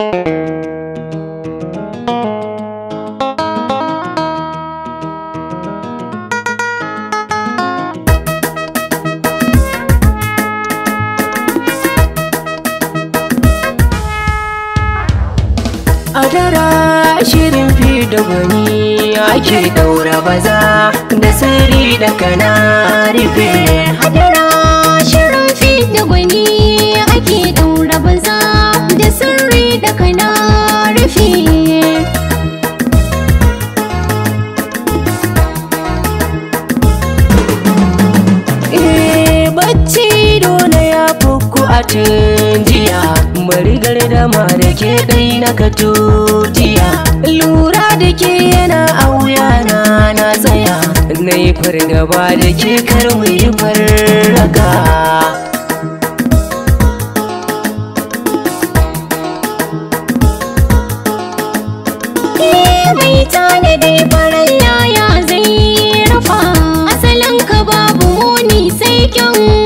Adara shirin fi da gwani ake daura baza da sari da kana bacci dole ya fuku a jiya bari gardama da ke ɗai na tutiya lura da ke yana a wuyana na tsaya na yi fargaba da ke kar mu yi farraka eh, mai tanadi yaya zai rafa asalin ka babu muni sai kyau.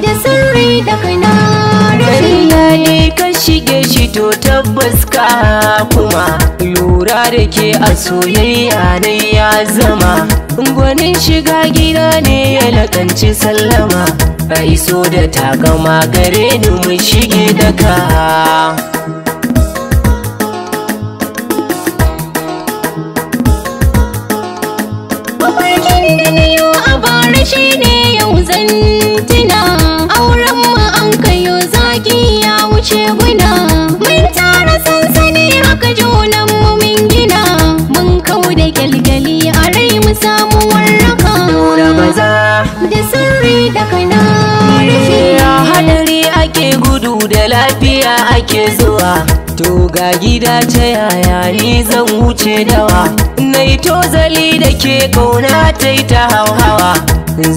da sirri da kana Kariya ne ka shige shi to tabbas ka kuma lura da ke a soyayya ne ya zama gwanin shiga gida ne ya lakanci sallama a iso da takama gare ni mu shige da ka mafarkin da na yau a bara shi ne yau zanti riguna mun tara sansani haka junan mu min gina mun kau da kyalkyali a rai mu samu warraka maza da sirri da kana lafiya hadari ake gudu da lafiya ake zuwa To ga gida ta yaya ni zan wuce dawa Nai tozali da ke kauna ta yi ta hauhawa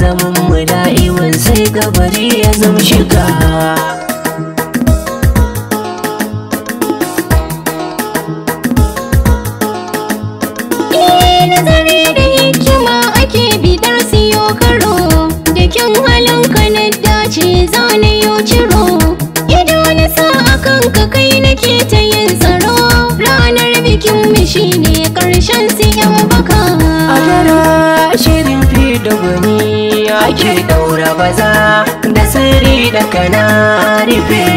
Zaman mu da'iman sai gabari ya zama shiga nazari da hikima ake bidar siyo karo da kyan halin ka na dace zane yo ciro ido na sa akan ka kai nake ta yin tsaro ranar bikin mu ƙarshen karshen siyan baka a dara shirin fi da gwani ake daura baza da sirri da kana rufe